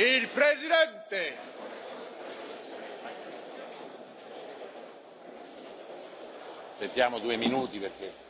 Il presidente. Aspettiamo due minuti perché.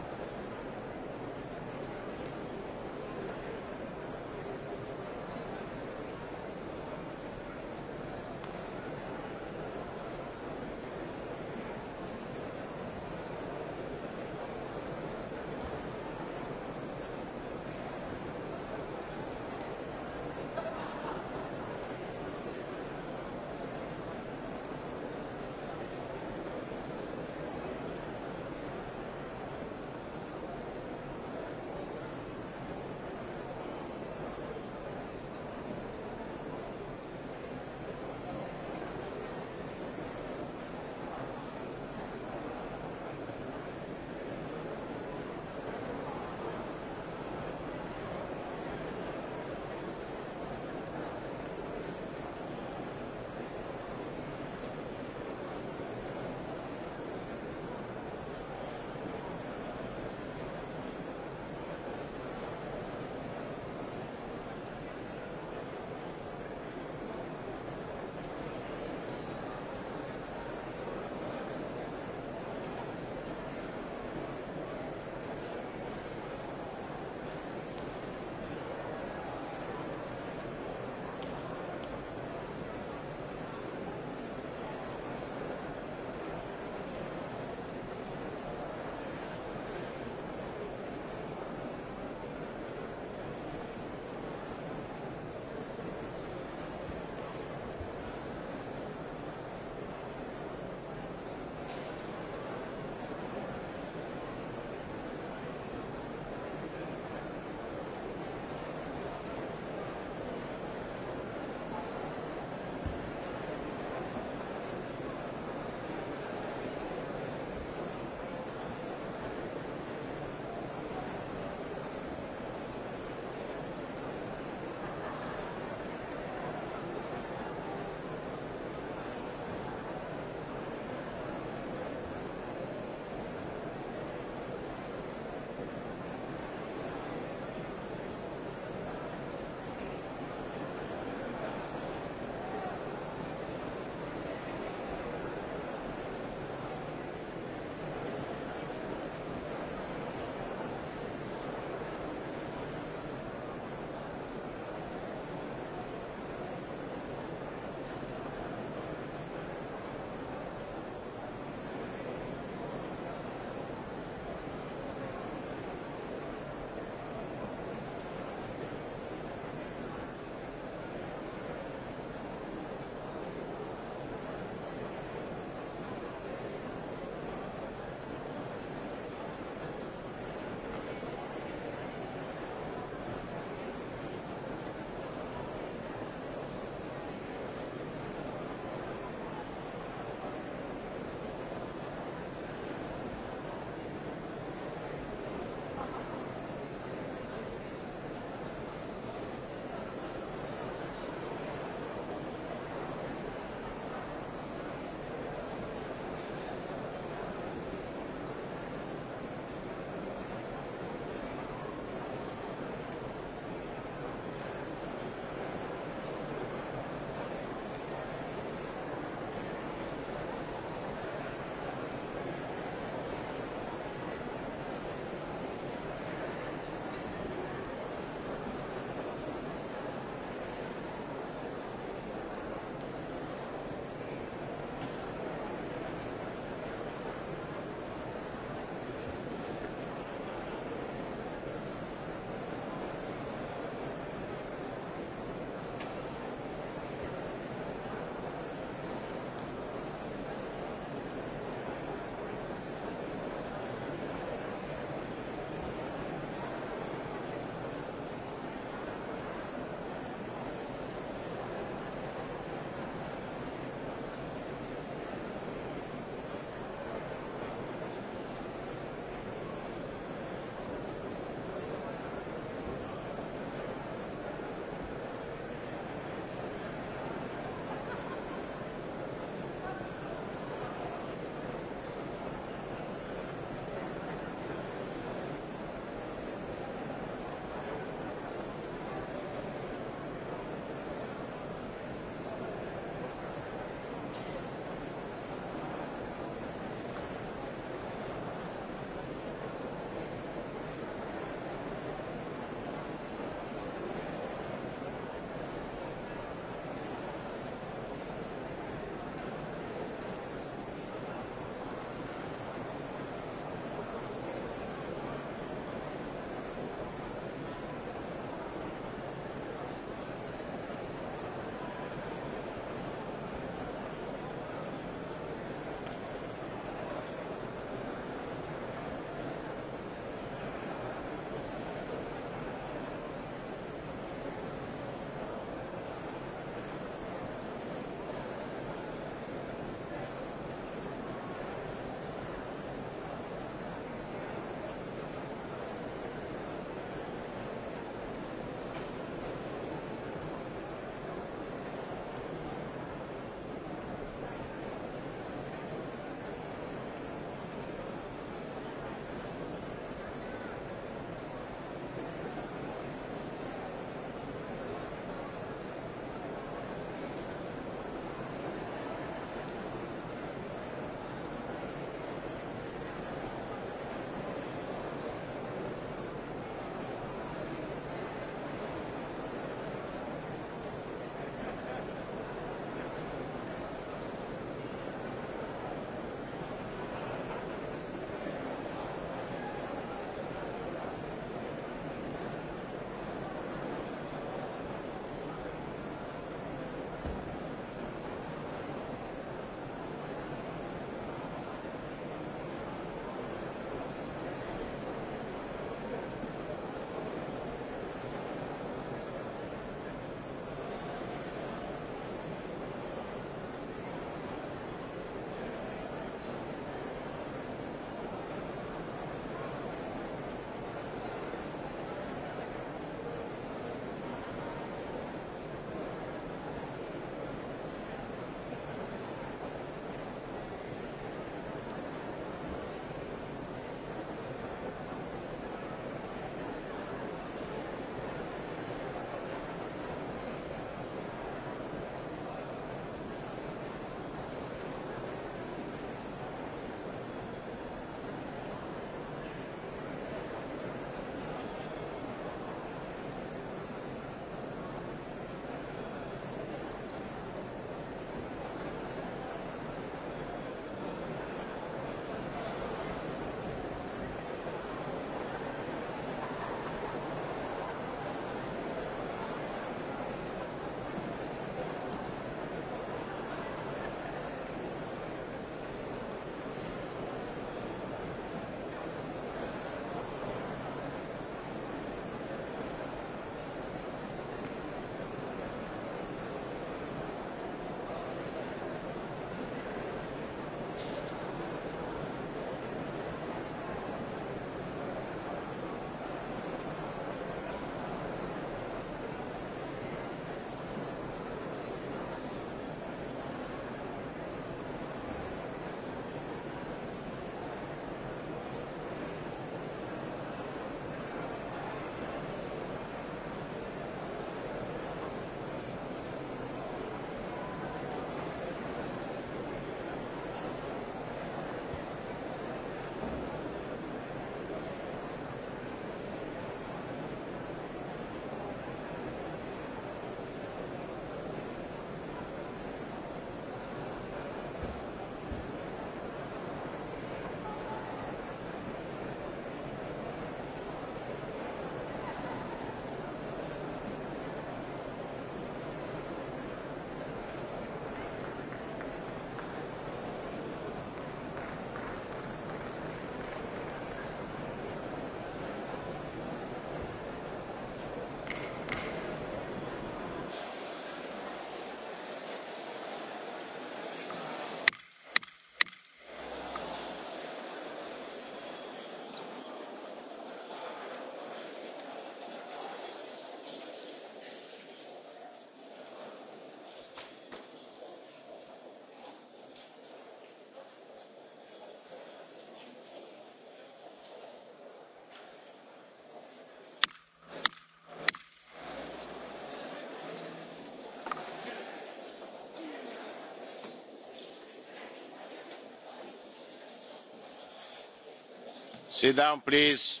Sit down, please.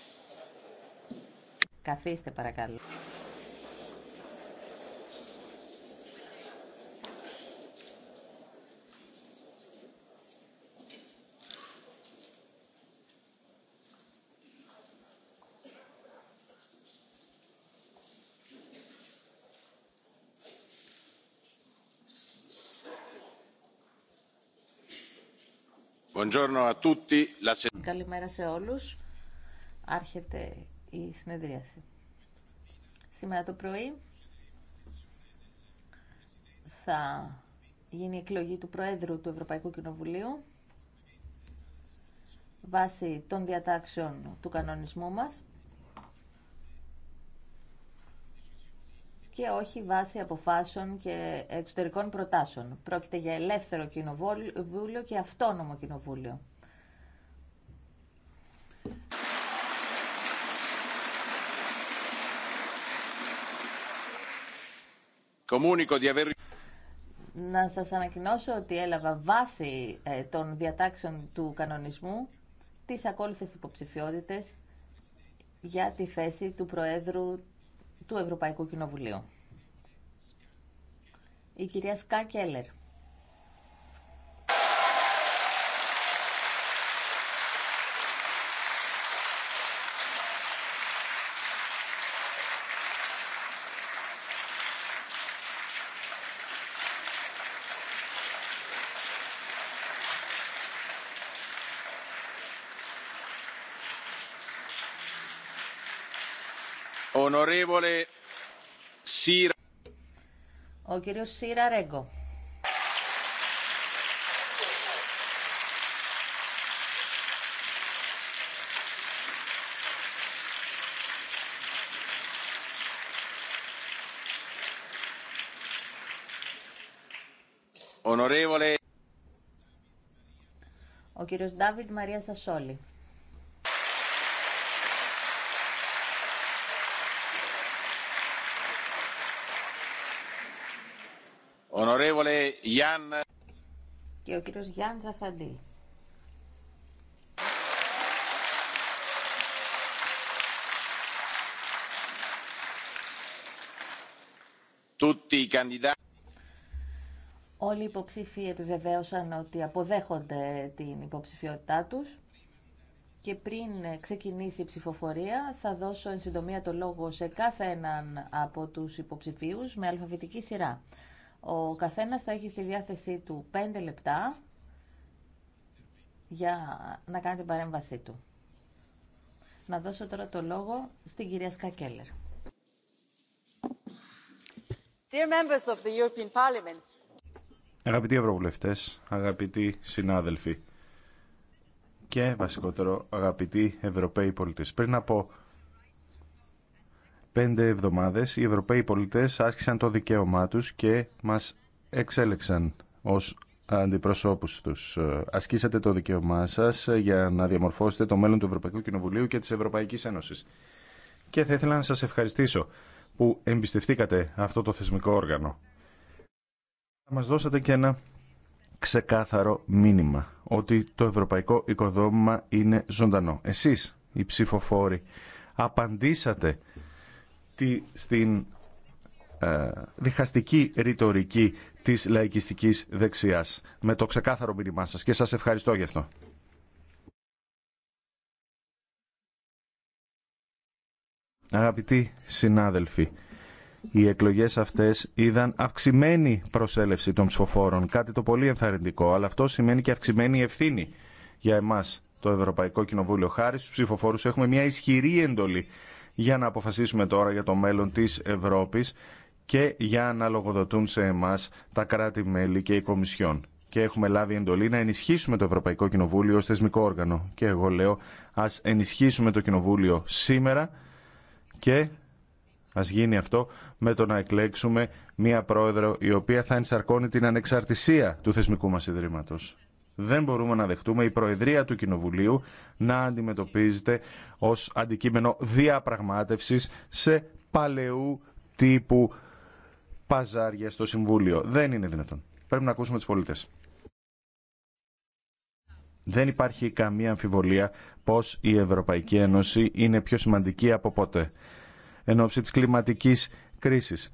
Καθίστε παρακαλώ. Buongiorno a tutti. La Καλημέρα σε όλους. Άρχεται η συνεδρίαση. Σήμερα το πρωί θα γίνει η εκλογή του Προέδρου του Ευρωπαϊκού Κοινοβουλίου βάσει των διατάξεων του κανονισμού μας και όχι βάσει αποφάσεων και εξωτερικών προτάσεων. Πρόκειται για ελεύθερο κοινοβούλιο και αυτόνομο κοινοβούλιο. Να σας ανακοινώσω ότι έλαβα βάση ε, των διατάξεων του κανονισμού τις ακόλουθες υποψηφιότητες για τη θέση του Προέδρου του Ευρωπαϊκού Κοινοβουλίου. Η κυρία Σκά Κέλλερ. Ο κύριος Σύρα Ρέγκο. Ο κύριος Ντάβιτ Μαρία Σασόλη. Και ο κύριος Γιάνν Ζαχαντή. Όλοι οι υποψήφοι επιβεβαίωσαν ότι αποδέχονται την υποψηφιότητά τους και πριν ξεκινήσει η ψηφοφορία θα δώσω εν συντομία το λόγο σε κάθε έναν από τους υποψηφίους με αλφαβητική σειρά. Ο καθένας θα έχει στη διάθεσή του 5 λεπτά για να κάνει την παρέμβασή του. Να δώσω τώρα το λόγο στην κυρία Σκακέλερ. Dear of the European Parliament. Αγαπητοί Ευρωβουλευτές, αγαπητοί συνάδελφοι και βασικότερο αγαπητοί Ευρωπαίοι πολίτες. Πριν από πέντε εβδομάδες οι Ευρωπαίοι πολιτές άσκησαν το δικαίωμά τους και μας εξέλεξαν ως αντιπροσώπους τους. Ασκήσατε το δικαίωμά σας για να διαμορφώσετε το μέλλον του Ευρωπαϊκού Κοινοβουλίου και της Ευρωπαϊκής Ένωσης. Και θα ήθελα να σας ευχαριστήσω που εμπιστευτήκατε αυτό το θεσμικό όργανο. Θα μας δώσατε και ένα ξεκάθαρο μήνυμα ότι το ευρωπαϊκό οικοδόμημα είναι ζωντανό. Εσείς, οι ψηφοφόροι, απαντήσατε τη, στην ε, διχαστική ρητορική της λαϊκιστικής δεξιάς με το ξεκάθαρο μήνυμά σας και σας ευχαριστώ γι' αυτό. Αγαπητοί συνάδελφοι, οι εκλογές αυτές είδαν αυξημένη προσέλευση των ψηφοφόρων, κάτι το πολύ ενθαρρυντικό, αλλά αυτό σημαίνει και αυξημένη ευθύνη για εμάς το Ευρωπαϊκό Κοινοβούλιο. Χάρη στους ψηφοφόρους έχουμε μια ισχυρή εντολή για να αποφασίσουμε τώρα για το μέλλον της Ευρώπης και για να λογοδοτούν σε εμάς τα κράτη-μέλη και οι Κομισιόν. Και έχουμε λάβει εντολή να ενισχύσουμε το Ευρωπαϊκό Κοινοβούλιο ως θεσμικό όργανο. Και εγώ λέω ας ενισχύσουμε το Κοινοβούλιο σήμερα και ας γίνει αυτό με το να εκλέξουμε μία πρόεδρο η οποία θα ενσαρκώνει την ανεξαρτησία του θεσμικού μας Ιδρύματος. Δεν μπορούμε να δεχτούμε η Προεδρία του Κοινοβουλίου να αντιμετωπίζεται ως αντικείμενο διαπραγμάτευσης σε παλαιού τύπου παζάρια στο Συμβούλιο. Δεν είναι δυνατόν. Πρέπει να ακούσουμε τους πολίτες. Δεν υπάρχει καμία αμφιβολία πως η Ευρωπαϊκή Ένωση είναι πιο σημαντική από ποτέ. Εν ώψη της κλιματικής κρίσης,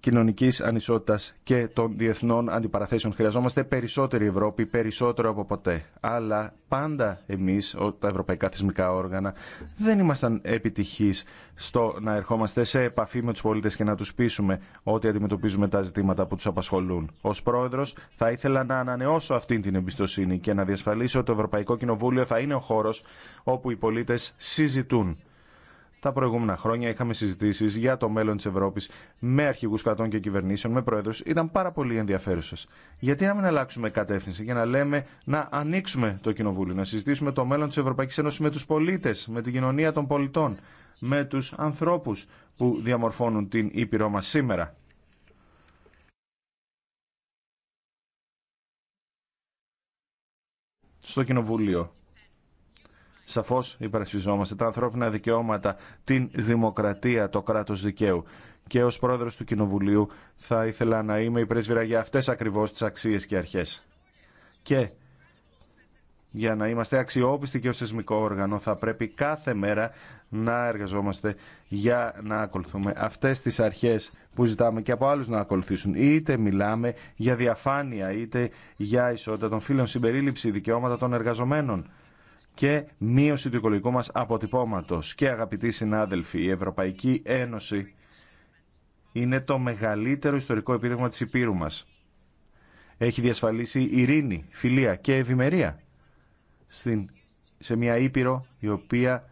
κοινωνική ανισότητας και των διεθνών αντιπαραθέσεων. Χρειαζόμαστε περισσότερη Ευρώπη, περισσότερο από ποτέ. Αλλά πάντα εμείς, τα ευρωπαϊκά θεσμικά όργανα, δεν ήμασταν επιτυχεί στο να ερχόμαστε σε επαφή με τους πολίτες και να τους πείσουμε ότι αντιμετωπίζουμε τα ζητήματα που τους απασχολούν. Ω πρόεδρο, θα ήθελα να ανανεώσω αυτή την εμπιστοσύνη και να διασφαλίσω ότι το Ευρωπαϊκό Κοινοβούλιο θα είναι ο χώρο όπου οι πολίτε συζητούν τα προηγούμενα χρόνια είχαμε συζητήσει για το μέλλον τη Ευρώπη με αρχηγού κρατών και κυβερνήσεων, με πρόεδρου. Ήταν πάρα πολύ ενδιαφέρουσε. Γιατί να μην αλλάξουμε κατεύθυνση και να λέμε να ανοίξουμε το Κοινοβούλιο, να συζητήσουμε το μέλλον τη Ευρωπαϊκή Ένωση με του πολίτε, με την κοινωνία των πολιτών, με του ανθρώπου που διαμορφώνουν την ήπειρό μα σήμερα. στο Κοινοβούλιο σαφώς υπερασπιζόμαστε τα ανθρώπινα δικαιώματα, την δημοκρατία, το κράτο δικαίου. Και ω πρόεδρος του Κοινοβουλίου θα ήθελα να είμαι η πρέσβυρα για αυτές ακριβώς τις αξίες και αρχέ. Και για να είμαστε αξιόπιστοι και ως θεσμικό όργανο θα πρέπει κάθε μέρα να εργαζόμαστε για να ακολουθούμε αυτέ τι αρχέ που ζητάμε και από άλλου να ακολουθήσουν. Είτε μιλάμε για διαφάνεια, είτε για ισότητα των φίλων συμπερίληψη, δικαιώματα των εργαζομένων και μείωση του οικολογικού μας αποτυπώματος. Και αγαπητοί συνάδελφοι, η Ευρωπαϊκή Ένωση είναι το μεγαλύτερο ιστορικό επίδευμα της Υπήρου μας. Έχει διασφαλίσει ειρήνη, φιλία και ευημερία στην, σε μια Ήπειρο η οποία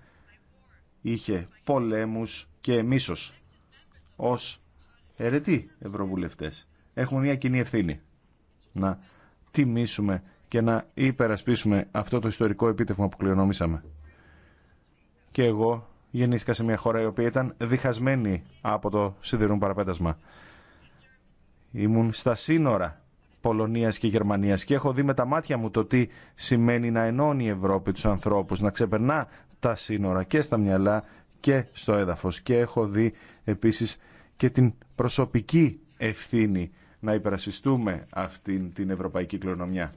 είχε πολέμους και μίσος ως ερετοί ευρωβουλευτές. Έχουμε μια κοινή ευθύνη να τιμήσουμε και να υπερασπίσουμε αυτό το ιστορικό επίτευγμα που κληρονομήσαμε. Και εγώ γεννήθηκα σε μια χώρα η οποία ήταν διχασμένη από το σιδηρούν παραπέτασμα. Ήμουν στα σύνορα Πολωνίας και Γερμανίας και έχω δει με τα μάτια μου το τι σημαίνει να ενώνει η Ευρώπη τους ανθρώπους, να ξεπερνά τα σύνορα και στα μυαλά και στο έδαφος. Και έχω δει επίσης και την προσωπική ευθύνη να υπερασπιστούμε αυτήν την ευρωπαϊκή κληρονομιά.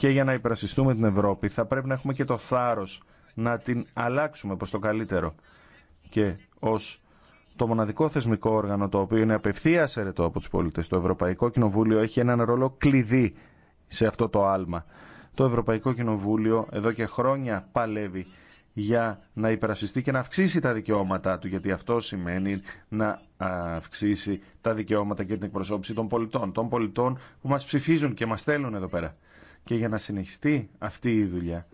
Και για να υπερασπιστούμε την Ευρώπη θα πρέπει να έχουμε και το θάρρο να την αλλάξουμε προ το καλύτερο. Και ω το μοναδικό θεσμικό όργανο το οποίο είναι απευθεία αιρετό από του πολίτε, το Ευρωπαϊκό Κοινοβούλιο έχει έναν ρόλο κλειδί σε αυτό το άλμα. Το Ευρωπαϊκό Κοινοβούλιο εδώ και χρόνια παλεύει για να υπερασπιστεί και να αυξήσει τα δικαιώματά του, γιατί αυτό σημαίνει να αυξήσει τα δικαιώματα και την εκπροσώπηση των πολιτών, των πολιτών που μας ψηφίζουν και μας στέλνουν εδώ πέρα. Και για να συνεχιστεί αυτή η δουλειά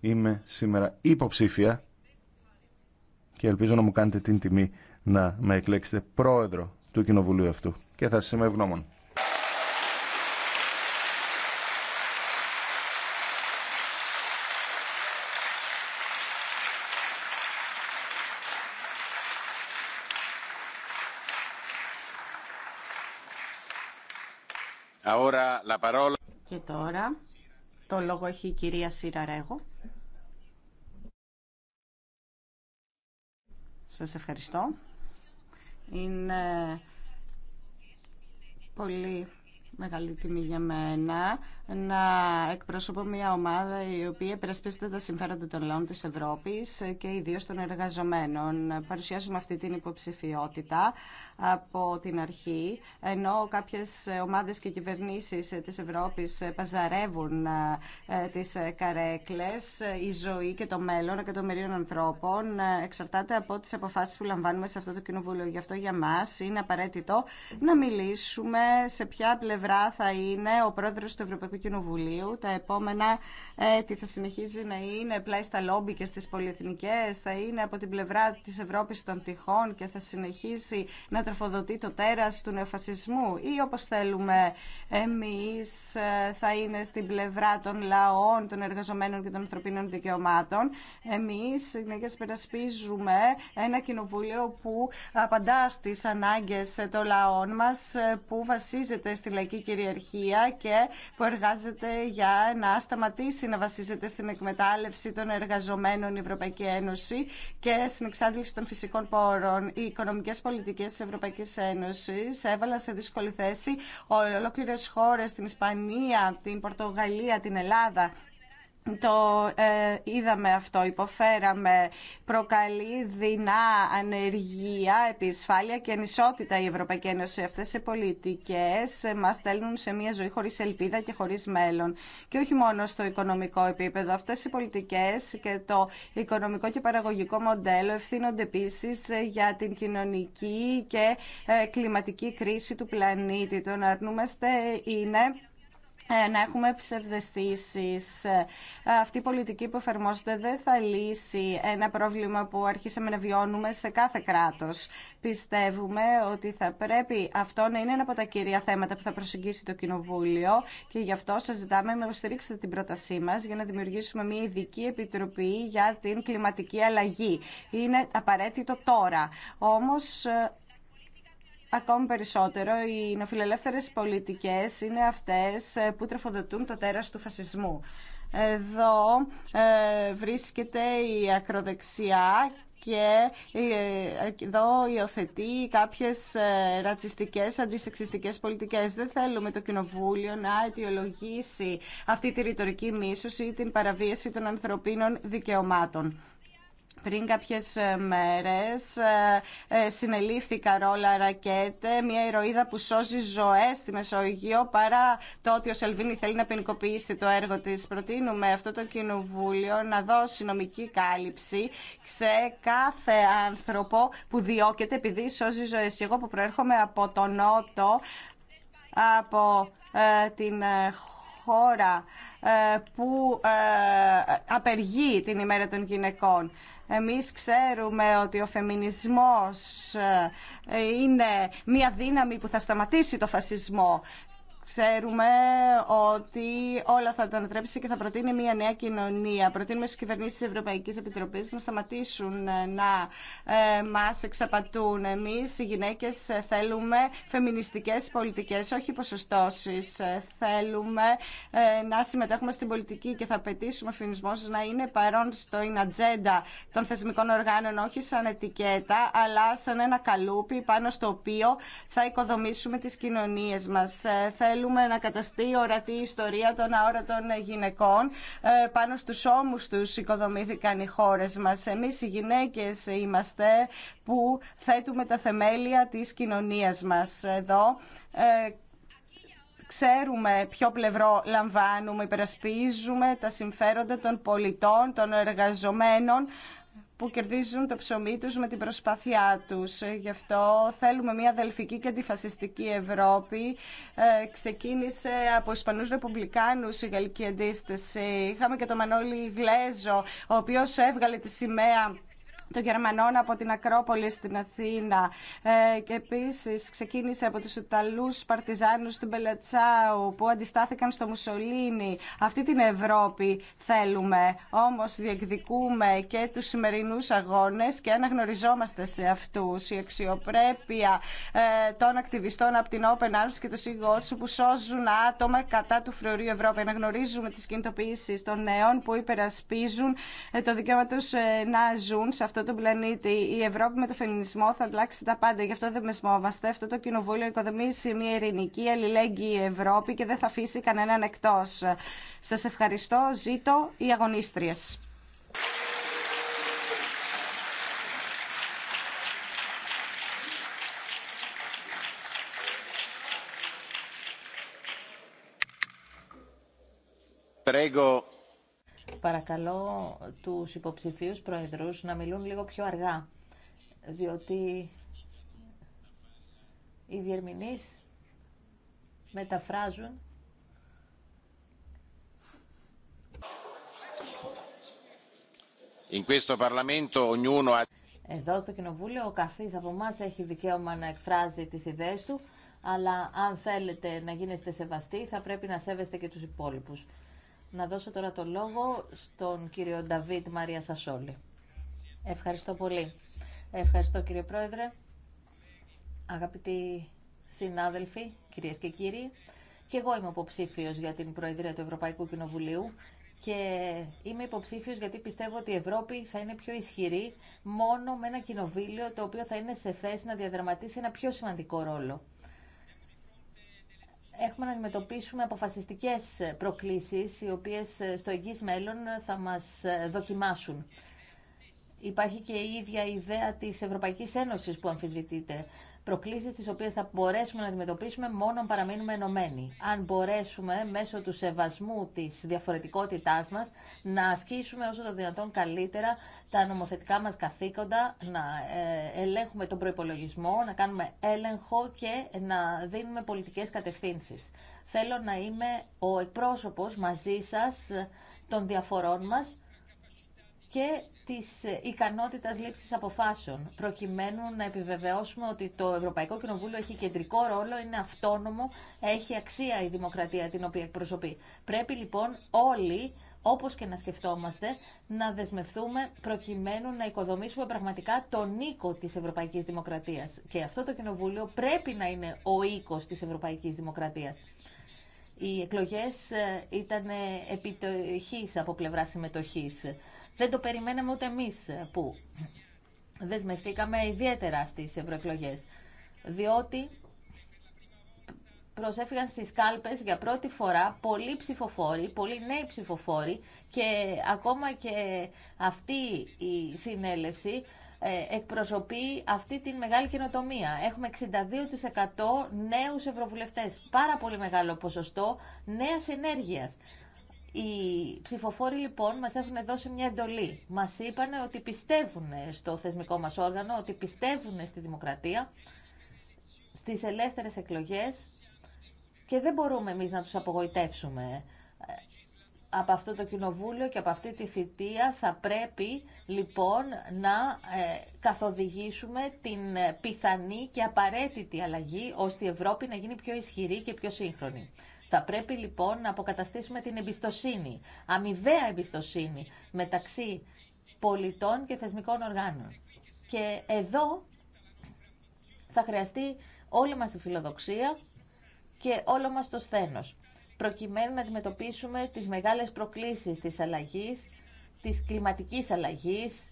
είμαι σήμερα υποψήφια και ελπίζω να μου κάνετε την τιμή να με εκλέξετε πρόεδρο του κοινοβουλίου αυτού. Και θα σας είμαι ευγνώμων. la parola. Και τώρα το λόγο έχει η κυρία Σιραρέγο. Σας ευχαριστώ. Είναι πολύ μεγάλη τιμή για μένα να εκπροσωπώ μια ομάδα η οποία υπερασπίζεται τα συμφέροντα των λαών της Ευρώπης και ιδίως των εργαζομένων. Παρουσιάζουμε αυτή την υποψηφιότητα από την αρχή, ενώ κάποιες ομάδες και κυβερνήσεις της Ευρώπης παζαρεύουν ε, τις καρέκλες, η ζωή και το μέλλον εκατομμυρίων ανθρώπων ε, εξαρτάται από τις αποφάσεις που λαμβάνουμε σε αυτό το κοινοβούλιο. Γι' αυτό για μα είναι απαραίτητο να μιλήσουμε σε ποια πλευρά πλευρά θα είναι ο πρόεδρος του Ευρωπαϊκού Κοινοβουλίου. Τα επόμενα έτη θα συνεχίζει να είναι πλάι στα λόμπι και στις πολυεθνικές. Θα είναι από την πλευρά της Ευρώπης των τυχών και θα συνεχίσει να τροφοδοτεί το τέρας του νεοφασισμού. Ή όπω θέλουμε εμείς ε, θα είναι στην πλευρά των λαών, των εργαζομένων και των ανθρωπίνων δικαιωμάτων. Εμείς, οι γυναίκες, περασπίζουμε ένα κοινοβούλιο που απαντά στις ανάγκες των λαών μας, ε, που βασίζεται στη λαϊκή Κυριαρχία και που εργάζεται για να σταματήσει να βασίζεται στην εκμετάλλευση των εργαζομένων η Ευρωπαϊκή Ένωση και στην εξάντληση των φυσικών πόρων. Οι οικονομικέ πολιτικέ τη Ευρωπαϊκή Ένωση έβαλαν σε δύσκολη θέση ολόκληρε χώρε, την Ισπανία, την Πορτογαλία, την Ελλάδα το ε, είδαμε αυτό, υποφέραμε, προκαλεί δεινά ανεργία, επισφάλεια και ανισότητα η Ευρωπαϊκή Ένωση. Αυτές οι πολιτικές μας στέλνουν σε μια ζωή χωρίς ελπίδα και χωρίς μέλλον. Και όχι μόνο στο οικονομικό επίπεδο. Αυτές οι πολιτικές και το οικονομικό και παραγωγικό μοντέλο ευθύνονται επίση για την κοινωνική και ε, κλιματική κρίση του πλανήτη. Το να αρνούμαστε είναι ε, να έχουμε ψευδεστήσεις. Ε, αυτή η πολιτική που εφαρμόζεται δεν θα λύσει ένα πρόβλημα που αρχίσαμε να βιώνουμε σε κάθε κράτος. Πιστεύουμε ότι θα πρέπει αυτό να είναι ένα από τα κυρία θέματα που θα προσεγγίσει το Κοινοβούλιο και γι' αυτό σας ζητάμε να υποστηρίξετε την πρότασή μας για να δημιουργήσουμε μια ειδική επιτροπή για την κλιματική αλλαγή. Είναι απαραίτητο τώρα. Όμως ε, Ακόμη περισσότερο, οι νοφιλελεύθερες πολιτικές είναι αυτές ε, που τροφοδοτούν το τέρας του φασισμού. Εδώ ε, βρίσκεται η ακροδεξιά και ε, εδώ υιοθετεί κάποιες ρατσιστικές, αντισεξιστικές πολιτικές. Δεν θέλουμε το Κοινοβούλιο να αιτιολογήσει αυτή τη ρητορική μίσωση ή την παραβίαση των ανθρωπίνων δικαιωμάτων πριν κάποιες ε, μέρες ε, ε, συνελήφθη Καρόλα Ρακέτε, μια ηρωίδα που σώζει ζωές στη Μεσόγειο παρά το ότι ο Σελβίνη θέλει να ποινικοποιήσει το έργο της. Προτείνουμε αυτό το κοινοβούλιο να δώσει νομική κάλυψη σε κάθε άνθρωπο που διώκεται επειδή σώζει ζωές. Και εγώ που προέρχομαι από το Νότο, από την χώρα που απεργεί την ημέρα των γυναικών. Εμείς ξέρουμε ότι ο φεμινισμός ε, είναι μια δύναμη που θα σταματήσει το φασισμό Ξέρουμε ότι όλα θα τα ανατρέψει και θα προτείνει μια νέα κοινωνία. Προτείνουμε στι κυβερνήσει τη Ευρωπαϊκή Επιτροπή να σταματήσουν να ε, μα εξαπατούν. Εμεί οι γυναίκε θέλουμε φεμινιστικέ πολιτικέ, όχι ποσοστώσει. Θέλουμε ε, να συμμετέχουμε στην πολιτική και θα απαιτήσουμε φεμινισμό να είναι παρόν στο in agenda των θεσμικών οργάνων, όχι σαν ετικέτα, αλλά σαν ένα καλούπι πάνω στο οποίο θα οικοδομήσουμε τι κοινωνίε μα. Ε, θέλουμε να καταστεί ορατή η ιστορία των αόρατων γυναικών. Ε, πάνω στους ώμους τους οικοδομήθηκαν οι χώρες μας. Εμείς οι γυναίκες είμαστε που θέτουμε τα θεμέλια της κοινωνίας μας εδώ ε, ξέρουμε ποιο πλευρό λαμβάνουμε, υπερασπίζουμε τα συμφέροντα των πολιτών, των εργαζομένων, που κερδίζουν το ψωμί τους με την προσπάθειά τους. Γι' αυτό θέλουμε μια αδελφική και αντιφασιστική Ευρώπη. Ε, ξεκίνησε από Ισπανούς Ρεπουμπλικάνους η γαλλική αντίσταση. Είχαμε και τον Μανώλη Γλέζο, ο οποίος έβγαλε τη σημαία των Γερμανών από την Ακρόπολη στην Αθήνα ε, και επίσης ξεκίνησε από τους Ιταλούς Παρτιζάνου του Μπελατσάου που αντιστάθηκαν στο Μουσολίνι. Αυτή την Ευρώπη θέλουμε, όμως διεκδικούμε και τους σημερινούς αγώνες και αναγνωριζόμαστε σε αυτούς. Η αξιοπρέπεια ε, των ακτιβιστών από την Open Arms και το Sea που σώζουν άτομα κατά του φρουρίου Ευρώπη. Αναγνωρίζουμε τις κινητοποιήσεις των νέων που υπερασπίζουν ε, το δικαίωμα τους ε, να ζουν σε αυτό αυτό πλανήτη, η Ευρώπη με το φεμινισμό θα αλλάξει τα πάντα. Γι' αυτό δεν μεσμόμαστε. Αυτό το κοινοβούλιο οικοδομήσει μια ειρηνική, αλληλέγγυη Ευρώπη και δεν θα αφήσει κανέναν εκτό. Σα ευχαριστώ. Ζήτω οι αγωνίστριε. Prego Παρακαλώ τους υποψηφίους προεδρούς να μιλούν λίγο πιο αργά, διότι οι διερμηνείς μεταφράζουν In questo Parlamento ognuno Εδώ στο Κοινοβούλιο ο καθής από εμά έχει δικαίωμα να εκφράζει τις ιδέες του, αλλά αν θέλετε να γίνεστε σεβαστοί θα πρέπει να σέβεστε και τους υπόλοιπους. Να δώσω τώρα το λόγο στον κύριο Νταβίτ Μαρία Σασόλη. Ευχαριστώ πολύ. Ευχαριστώ κύριε Πρόεδρε, αγαπητοί συνάδελφοι, κυρίες και κύριοι. Και εγώ είμαι υποψήφιος για την Προεδρία του Ευρωπαϊκού Κοινοβουλίου και είμαι υποψήφιος γιατί πιστεύω ότι η Ευρώπη θα είναι πιο ισχυρή μόνο με ένα κοινοβούλιο το οποίο θα είναι σε θέση να διαδραματίσει ένα πιο σημαντικό ρόλο έχουμε να αντιμετωπίσουμε αποφασιστικές προκλήσεις, οι οποίες ε, στο εγγύς μέλλον θα μας ε, δοκιμάσουν. Υπάρχει και η ίδια ιδέα της Ευρωπαϊκής Ένωσης που αμφισβητείται προκλήσεις τις οποίες θα μπορέσουμε να αντιμετωπίσουμε μόνο αν παραμείνουμε ενωμένοι. Αν μπορέσουμε μέσω του σεβασμού της διαφορετικότητάς μας να ασκήσουμε όσο το δυνατόν καλύτερα τα νομοθετικά μας καθήκοντα, να ε, ελέγχουμε τον προϋπολογισμό, να κάνουμε έλεγχο και να δίνουμε πολιτικές κατευθύνσεις. Θέλω να είμαι ο εκπρόσωπος μαζί σας ε, των διαφορών μας και της ικανότητας λήψης αποφάσεων, προκειμένου να επιβεβαιώσουμε ότι το Ευρωπαϊκό Κοινοβούλιο έχει κεντρικό ρόλο, είναι αυτόνομο, έχει αξία η δημοκρατία την οποία εκπροσωπεί. Πρέπει λοιπόν όλοι όπως και να σκεφτόμαστε, να δεσμευτούμε προκειμένου να οικοδομήσουμε πραγματικά τον οίκο της Ευρωπαϊκής Δημοκρατίας. Και αυτό το Κοινοβούλιο πρέπει να είναι ο οίκος της Ευρωπαϊκής Δημοκρατίας. Οι εκλογές ε, ήταν επιτυχής από πλευρά συμμετοχής. Δεν το περιμέναμε ούτε εμείς ε, που δεσμευτήκαμε ιδιαίτερα στις ευρωεκλογέ. διότι προσέφυγαν στις κάλπες για πρώτη φορά πολλοί ψηφοφόροι, πολλοί νέοι ψηφοφόροι και ακόμα και αυτή η συνέλευση ε, εκπροσωπεί αυτή την μεγάλη καινοτομία. Έχουμε 62% νέους ευρωβουλευτές, πάρα πολύ μεγάλο ποσοστό νέας ενέργειας. Οι ψηφοφόροι λοιπόν μας έχουν δώσει μια εντολή. Μας είπαν ότι πιστεύουν στο θεσμικό μας όργανο, ότι πιστεύουν στη δημοκρατία, στις ελεύθερες εκλογές και δεν μπορούμε εμείς να τους απογοητεύσουμε. Ε, από αυτό το κοινοβούλιο και από αυτή τη θητεία θα πρέπει λοιπόν να ε, καθοδηγήσουμε την ε, πιθανή και απαραίτητη αλλαγή ώστε η Ευρώπη να γίνει πιο ισχυρή και πιο σύγχρονη. Θα πρέπει λοιπόν να αποκαταστήσουμε την εμπιστοσύνη, αμοιβαία εμπιστοσύνη μεταξύ πολιτών και θεσμικών οργάνων. Και εδώ θα χρειαστεί όλη μας τη φιλοδοξία και όλο μας το σθένος, προκειμένου να αντιμετωπίσουμε τις μεγάλες προκλήσεις της αλλαγής, της κλιματικής αλλαγής,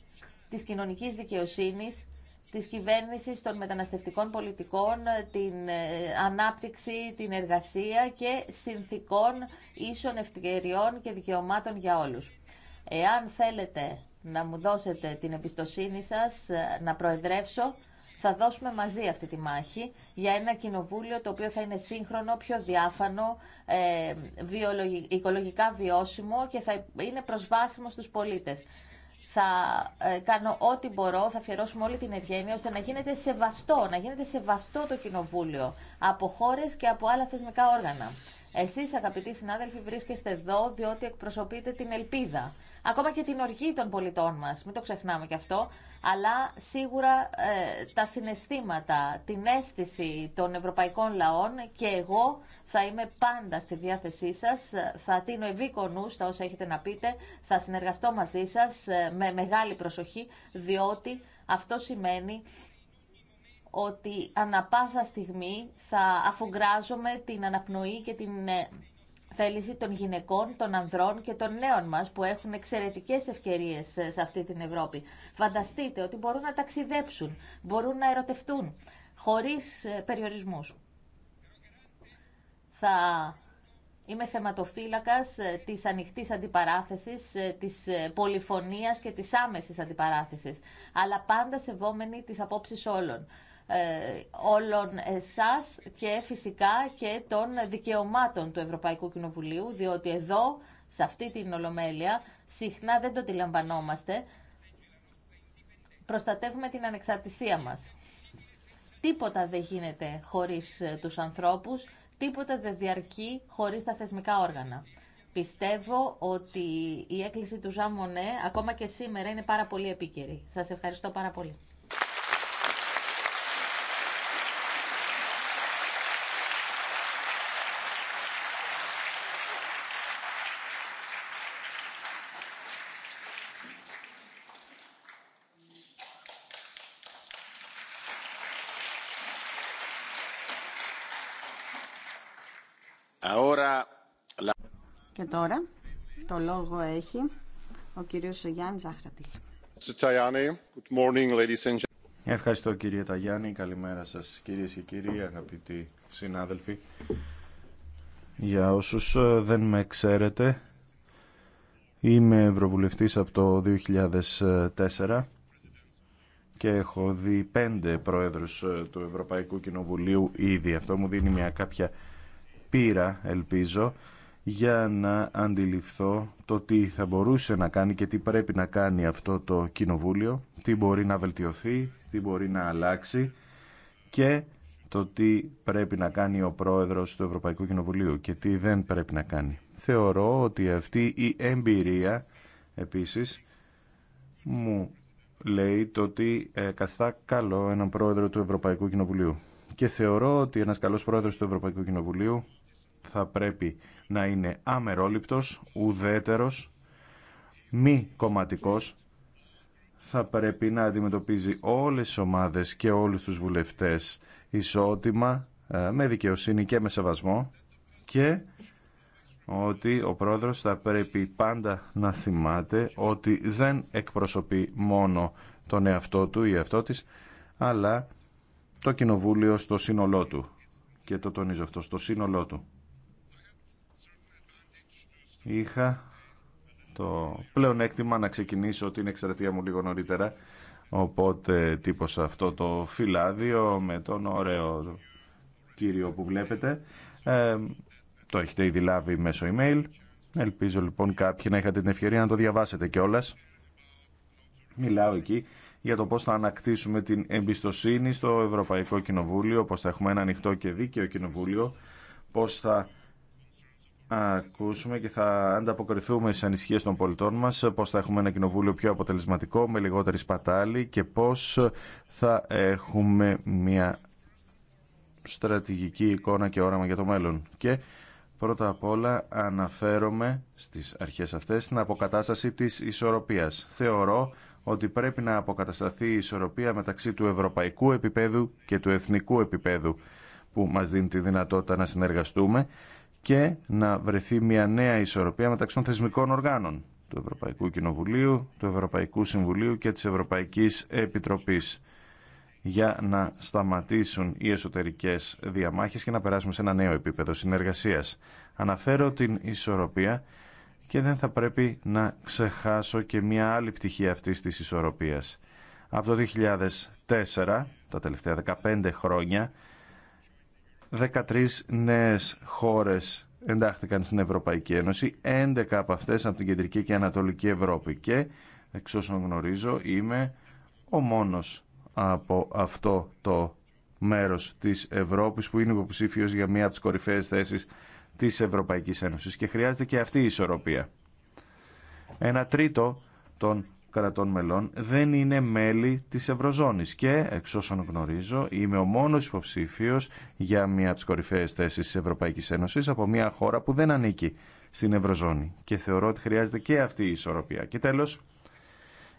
της κοινωνικής δικαιοσύνης της κυβέρνησης των μεταναστευτικών πολιτικών, την ε, ανάπτυξη, την εργασία και συνθήκων ίσων ευκαιριών και δικαιωμάτων για όλους. Εάν θέλετε να μου δώσετε την εμπιστοσύνη σας, ε, να προεδρεύσω, θα δώσουμε μαζί αυτή τη μάχη για ένα κοινοβούλιο το οποίο θα είναι σύγχρονο, πιο διάφανο, ε, οικολογικά βιώσιμο και θα είναι προσβάσιμο στους πολίτες θα ε, κάνω ό,τι μπορώ, θα αφιερώσουμε όλη την ευγένεια ώστε να γίνεται σεβαστό, να γίνεται σεβαστό το κοινοβούλιο από χώρε και από άλλα θεσμικά όργανα. Εσείς αγαπητοί συνάδελφοι βρίσκεστε εδώ διότι εκπροσωπείτε την ελπίδα. Ακόμα και την οργή των πολιτών μας, μην το ξεχνάμε κι αυτό, αλλά σίγουρα ε, τα συναισθήματα, την αίσθηση των ευρωπαϊκών λαών και εγώ θα είμαι πάντα στη διάθεσή σας, θα τίνω ευήκο στα όσα έχετε να πείτε, θα συνεργαστώ μαζί σας ε, με μεγάλη προσοχή, διότι αυτό σημαίνει ότι ανα πάσα στιγμή θα αφουγκράζομαι την αναπνοή και την ε, θέληση των γυναικών, των ανδρών και των νέων μας που έχουν εξαιρετικές ευκαιρίες ε, σε αυτή την Ευρώπη. Φανταστείτε ότι μπορούν να ταξιδέψουν, μπορούν να ερωτευτούν χωρίς περιορισμούς θα είμαι θεματοφύλακας ε, της ανοιχτής αντιπαράθεσης, ε, της ε, πολυφωνίας και της άμεσης αντιπαράθεσης, αλλά πάντα σεβόμενη της απόψεις όλων. όλων εσάς και φυσικά και των δικαιωμάτων του Ευρωπαϊκού Κοινοβουλίου, διότι εδώ, σε αυτή την Ολομέλεια, συχνά δεν το αντιλαμβανόμαστε, προστατεύουμε την ανεξαρτησία μας. Τίποτα δεν γίνεται χωρίς τους ανθρώπους Τίποτα δεν διαρκεί χωρίς τα θεσμικά όργανα. Πιστεύω ότι η έκκληση του Ζαμονέ ακόμα και σήμερα είναι πάρα πολύ επίκαιρη. Σας ευχαριστώ πάρα πολύ. Και τώρα το λόγο έχει ο κύριος Γιάννης Ζάχρατηλ. Ευχαριστώ κύριε Ταγιάννη, καλημέρα σας κυρίες και κύριοι, αγαπητοί συνάδελφοι. Για όσους ε, δεν με ξέρετε, είμαι ευρωβουλευτής από το 2004 και έχω δει πέντε πρόεδρους ε, του Ευρωπαϊκού Κοινοβουλίου ήδη. Αυτό μου δίνει μια κάποια πείρα, ελπίζω, για να αντιληφθώ το τι θα μπορούσε να κάνει και τι πρέπει να κάνει αυτό το κοινοβούλιο, τι μπορεί να βελτιωθεί, τι μπορεί να αλλάξει και το τι πρέπει να κάνει ο πρόεδρος του Ευρωπαϊκού Κοινοβουλίου και τι δεν πρέπει να κάνει. Θεωρώ ότι αυτή η εμπειρία επίσης μου λέει το ότι ε, καλό έναν πρόεδρο του Ευρωπαϊκού Κοινοβουλίου. Και θεωρώ ότι ένας καλός πρόεδρος του Ευρωπαϊκού Κοινοβουλίου θα πρέπει να είναι αμερόληπτος, ουδέτερος, μη κομματικός, θα πρέπει να αντιμετωπίζει όλες τις ομάδες και όλους τους βουλευτές ισότιμα, ε, με δικαιοσύνη και με σεβασμό και ότι ο πρόεδρος θα πρέπει πάντα να θυμάται ότι δεν εκπροσωπεί μόνο τον εαυτό του ή εαυτό της, αλλά το κοινοβούλιο στο σύνολό του. Και το τονίζω αυτό, στο σύνολό του είχα το πλέον πλεονέκτημα να ξεκινήσω την εκστρατεία μου λίγο νωρίτερα. Οπότε τύπωσα αυτό το φυλάδιο με τον ωραίο κύριο που βλέπετε. Ε, το έχετε ήδη λάβει μέσω email. Ελπίζω λοιπόν κάποιοι να είχατε την ευκαιρία να το διαβάσετε κιόλα. Μιλάω εκεί για το πώς θα ανακτήσουμε την εμπιστοσύνη στο Ευρωπαϊκό Κοινοβούλιο, πώς θα έχουμε ένα ανοιχτό και δίκαιο κοινοβούλιο, πώς θα ακούσουμε και θα ανταποκριθούμε στι ανησυχίε των πολιτών μα πώ θα έχουμε ένα κοινοβούλιο πιο αποτελεσματικό, με λιγότερη σπατάλη και πώ θα έχουμε μια στρατηγική εικόνα και όραμα για το μέλλον. Και πρώτα απ' όλα αναφέρομαι στις αρχές αυτές την αποκατάσταση της ισορροπίας. Θεωρώ ότι πρέπει να αποκατασταθεί η ισορροπία μεταξύ του ευρωπαϊκού επίπεδου και του εθνικού επίπεδου που μας δίνει τη δυνατότητα να συνεργαστούμε και να βρεθεί μια νέα ισορροπία μεταξύ των θεσμικών οργάνων του Ευρωπαϊκού Κοινοβουλίου, του Ευρωπαϊκού Συμβουλίου και της Ευρωπαϊκής Επιτροπής για να σταματήσουν οι εσωτερικές διαμάχες και να περάσουμε σε ένα νέο επίπεδο συνεργασίας. Αναφέρω την ισορροπία και δεν θα πρέπει να ξεχάσω και μια άλλη πτυχή αυτής της ισορροπίας. Από το 2004, τα τελευταία 15 χρόνια, 13 νέες χώρες εντάχθηκαν στην Ευρωπαϊκή Ένωση, 11 από αυτές από την Κεντρική και Ανατολική Ευρώπη και εξ όσων γνωρίζω είμαι ο μόνος από αυτό το μέρος της Ευρώπης που είναι υποψήφιος για μία από τις κορυφαίες θέσεις της Ευρωπαϊκής Ένωσης και χρειάζεται και αυτή η ισορροπία. Ένα τρίτο των κρατών μελών δεν είναι μέλη της Ευρωζώνης και, εξ όσων γνωρίζω, είμαι ο μόνος υποψήφιος για μία από τις κορυφαίες θέσεις της Ευρωπαϊκής Ένωσης από μία χώρα που δεν ανήκει στην Ευρωζώνη και θεωρώ ότι χρειάζεται και αυτή η ισορροπία. Και τέλος,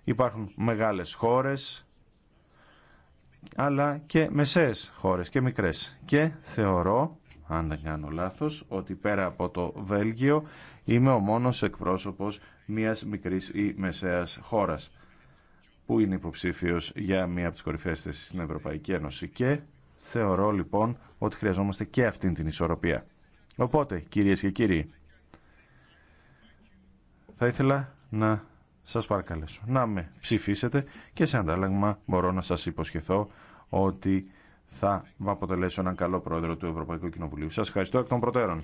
υπάρχουν μεγάλες χώρες αλλά και μεσαίες χώρες και μικρές και θεωρώ αν δεν κάνω λάθος, ότι πέρα από το Βέλγιο Είμαι ο μόνος εκπρόσωπος μιας μικρής ή μεσαίας χώρας που είναι υποψήφιος για μία από τις κορυφαίες θέσεις στην Ευρωπαϊκή Ένωση και θεωρώ λοιπόν ότι χρειαζόμαστε και αυτήν την ισορροπία. Οπότε, κυρίες και κύριοι, θα ήθελα να σας παρακαλέσω να με ψηφίσετε και σε αντάλλαγμα μπορώ να σας υποσχεθώ ότι θα αποτελέσω έναν καλό πρόεδρο του Ευρωπαϊκού Κοινοβουλίου. Σας ευχαριστώ εκ των προτέρων.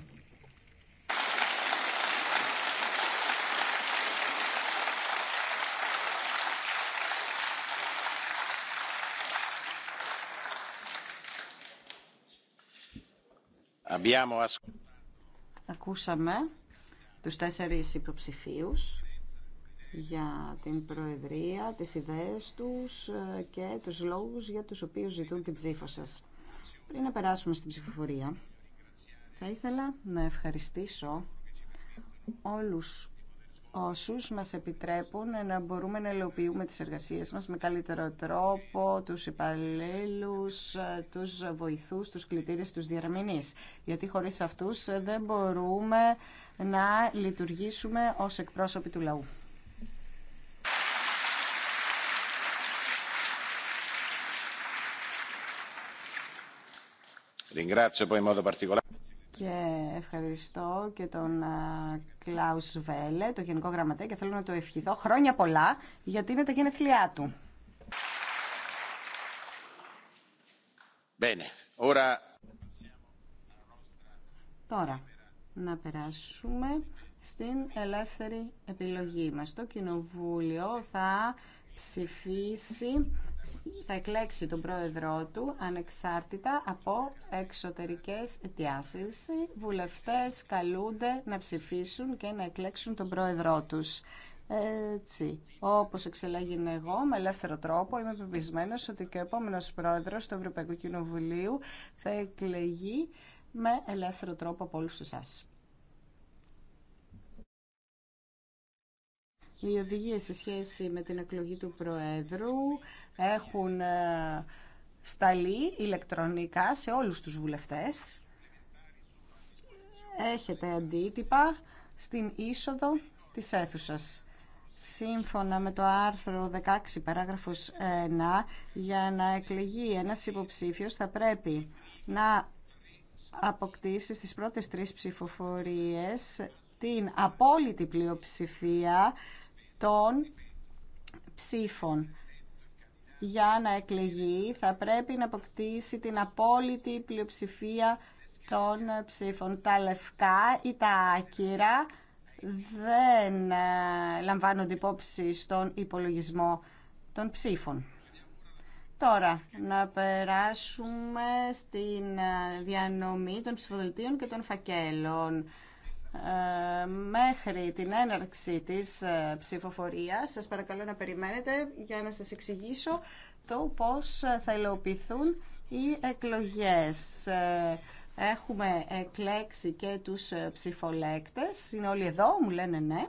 Ακούσαμε τους τέσσερις υποψηφίους για την Προεδρία, τις ιδέες τους ε, και τους λόγους για τους οποίους ζητούν την ψήφο σας. Πριν να περάσουμε στην ψηφοφορία, θα ήθελα να ευχαριστήσω όλους όσους μας επιτρέπουν να μπορούμε να ελοποιούμε τις εργασίες μας με καλύτερο τρόπο, τους υπαλλήλους, τους βοηθούς, τους κλητήρες, τους διαρμηνείς. Γιατί χωρίς αυτούς δεν μπορούμε να λειτουργήσουμε ως εκπρόσωποι του λαού και ευχαριστώ και τον Κλάους Βέλε, το Γενικό Γραμματέα και θέλω να το ευχηθώ χρόνια πολλά γιατί είναι τα γενεθλιά του. Bene. Ora... Τώρα, να περάσουμε στην ελεύθερη επιλογή μας. Το Κοινοβούλιο θα ψηφίσει θα εκλέξει τον πρόεδρό του ανεξάρτητα από εξωτερικές αιτιάσεις. Οι βουλευτές καλούνται να ψηφίσουν και να εκλέξουν τον πρόεδρό τους. Έτσι, όπως εξελέγην εγώ, με ελεύθερο τρόπο, είμαι πεπισμένος ότι και ο επόμενος πρόεδρος του Ευρωπαϊκού Κοινοβουλίου θα εκλεγεί με ελεύθερο τρόπο από όλους εσάς. Οι οδηγίες σε σχέση με την εκλογή του Προέδρου έχουν ε, σταλεί ηλεκτρονικά σε όλους τους βουλευτές. Έχετε αντίτυπα στην είσοδο της αίθουσας. Σύμφωνα με το άρθρο 16 παράγραφος 1, για να εκλεγεί ένας υποψήφιος θα πρέπει να αποκτήσει στις πρώτες τρεις ψηφοφορίες την απόλυτη πλειοψηφία των ψήφων για να εκλεγεί θα πρέπει να αποκτήσει την απόλυτη πλειοψηφία των ψήφων. Τα λευκά ή τα άκυρα δεν ε, λαμβάνονται υπόψη στον υπολογισμό των ψήφων. Τώρα, να περάσουμε στην ε, διανομή των ψηφοδελτίων και των φακέλων μέχρι την έναρξη της ε, ψηφοφορίας. Σας παρακαλώ να περιμένετε για να σας εξηγήσω το πώς ε, θα υλοποιηθούν οι εκλογές. Ε, έχουμε εκλέξει και τους ψηφολέκτες. Είναι όλοι εδώ, μου λένε ναι.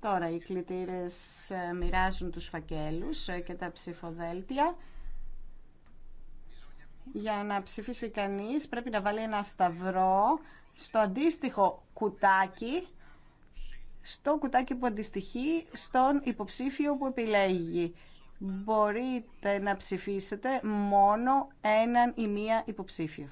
Τώρα οι κλητήρες ε, μοιράζουν τους φακέλους ε, και τα ψηφοδέλτια. Για να ψηφίσει κανείς πρέπει να βάλει ένα σταυρό στο αντίστοιχο κουτάκι, στο κουτάκι που αντιστοιχεί στον υποψήφιο που επιλέγει. Μπορείτε να ψηφίσετε μόνο έναν ή μία υποψήφιο.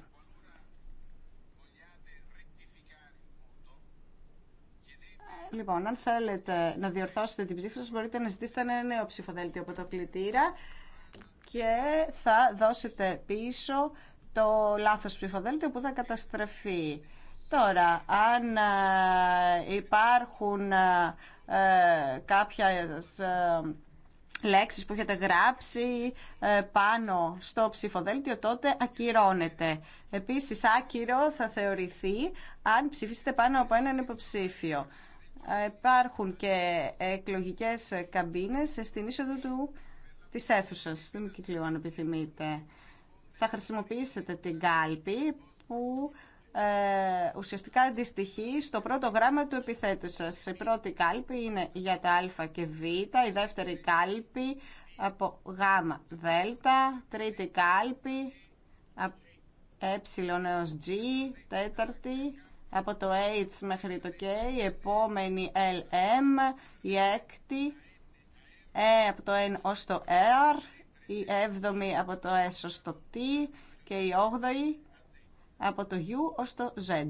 Λοιπόν, αν θέλετε να διορθώσετε την ψήφα σας, μπορείτε να ζητήσετε ένα νέο ψηφοδέλτιο από το κλητήρα και θα δώσετε πίσω το λάθος ψηφοδέλτιο που θα καταστραφεί. Τώρα, αν ε, υπάρχουν ε, ε κάποια ε, λέξεις που έχετε γράψει ε, πάνω στο ψηφοδέλτιο, τότε ακυρώνεται. Επίσης, άκυρο θα θεωρηθεί αν ψηφίσετε πάνω από έναν υποψήφιο υπάρχουν και εκλογικές καμπίνες στην είσοδο του, της αίθουσας. στην κυκλίου, αν επιθυμείτε. Θα χρησιμοποιήσετε την κάλπη που ε, ουσιαστικά αντιστοιχεί στο πρώτο γράμμα του επιθέτου σας. Η πρώτη κάλπη είναι για τα α και β, η δεύτερη κάλπη από γ, δ, τρίτη κάλπη από ε έως g, τέταρτη από το H μέχρι το K, η επόμενη LM, η έκτη, E από το N ως το R, η έβδομη από το S ως το T και η όγδοη από το U ως το Z.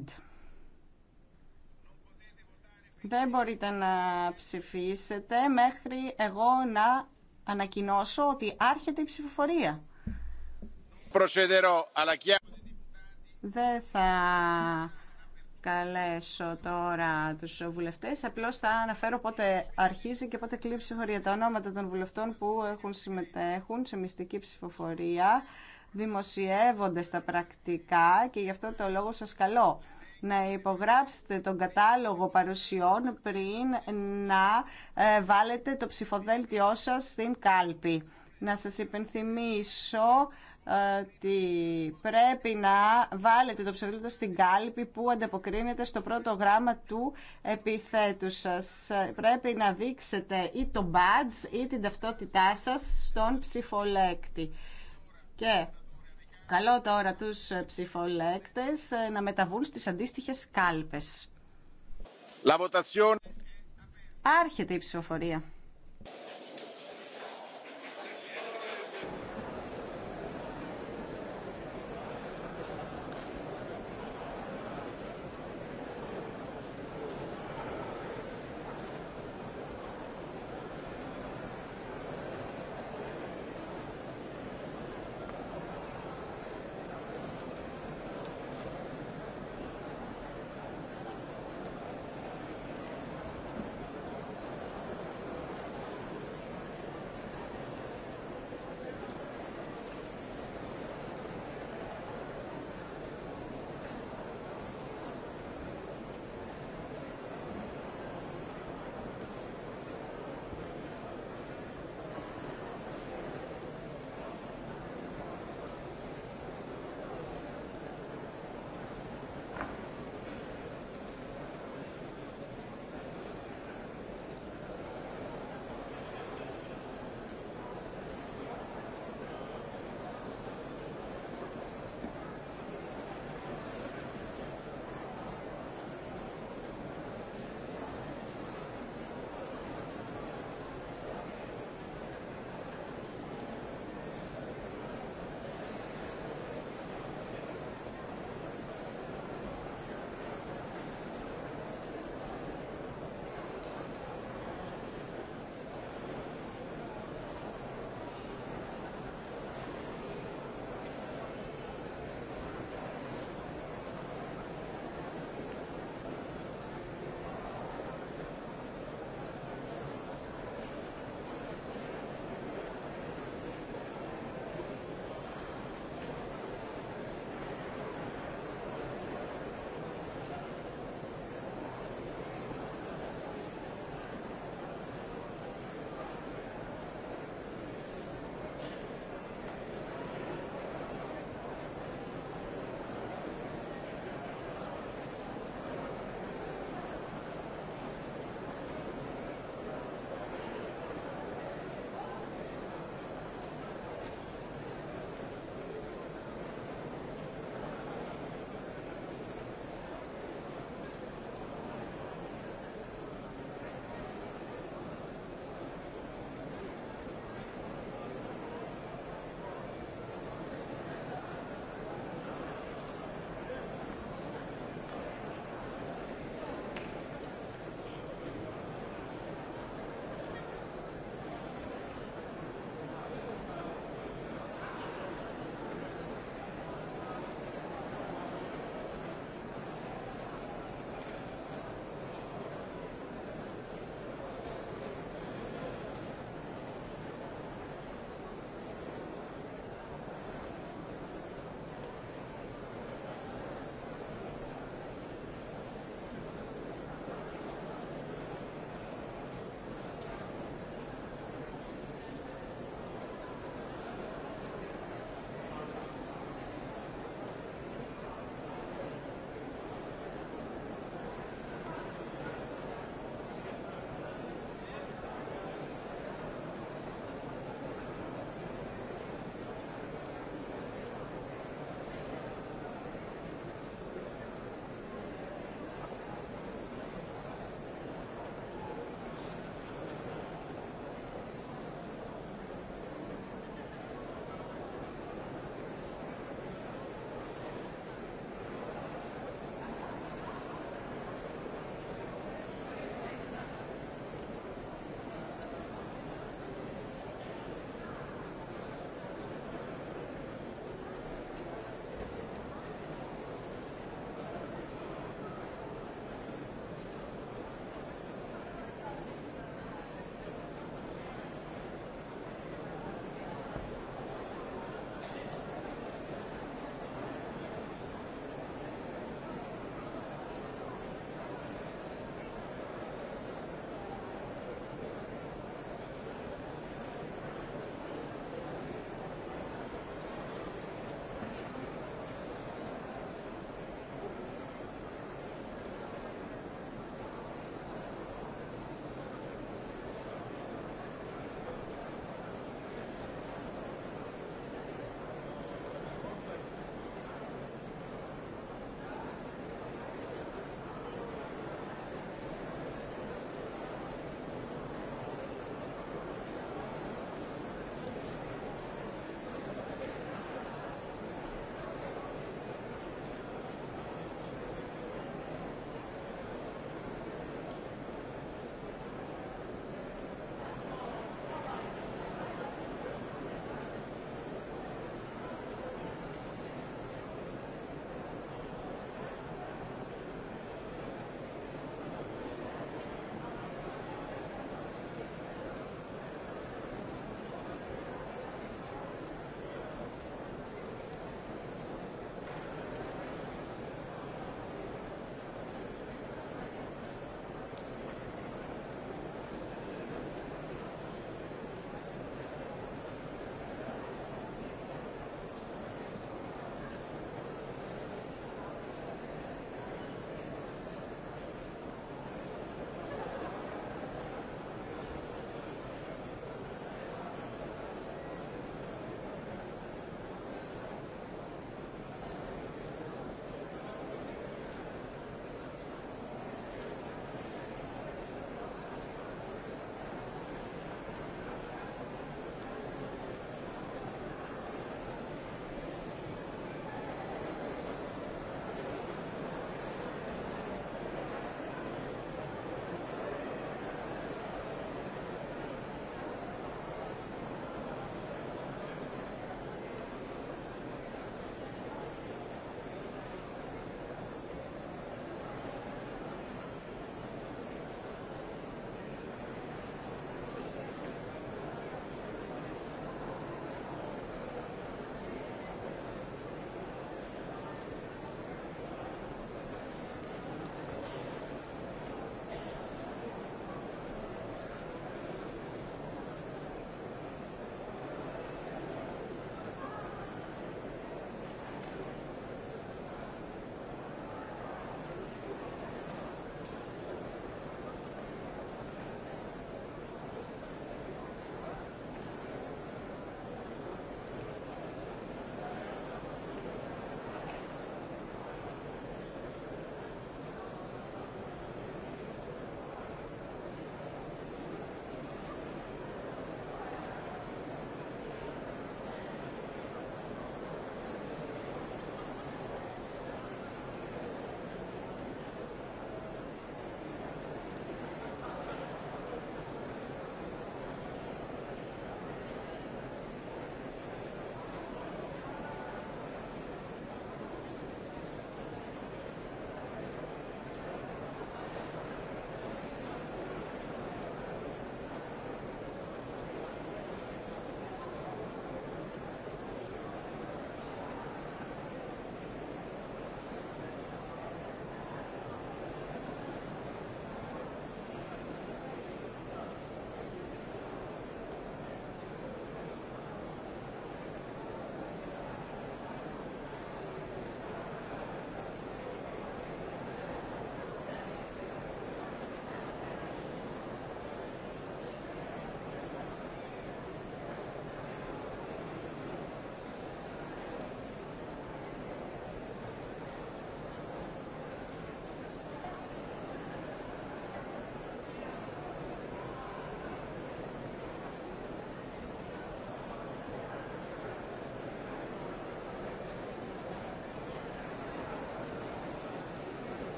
Δεν μπορείτε να ψηφίσετε μέχρι εγώ να ανακοινώσω ότι άρχεται η ψηφοφορία. Δεν θα καλέσω τώρα τους βουλευτές. Απλώς θα αναφέρω πότε αρχίζει και πότε κλείνει η ψηφοφορία. Τα ονόματα των βουλευτών που έχουν συμμετέχουν σε μυστική ψηφοφορία δημοσιεύονται στα πρακτικά και γι' αυτό το λόγο σας καλώ να υπογράψετε τον κατάλογο παρουσιών πριν να ε, βάλετε το ψηφοδέλτιό σας στην κάλπη. Να σας υπενθυμίσω ότι πρέπει να βάλετε το ψευδίλητο στην κάλπη που ανταποκρίνεται στο πρώτο γράμμα του επιθέτου σας. Πρέπει να δείξετε ή το badge ή την ταυτότητά σας στον ψηφολέκτη. Και καλό τώρα τους ψηφολέκτες ε, να μεταβούν στις αντίστοιχες κάλπες. La Άρχεται η ψηφοφορία.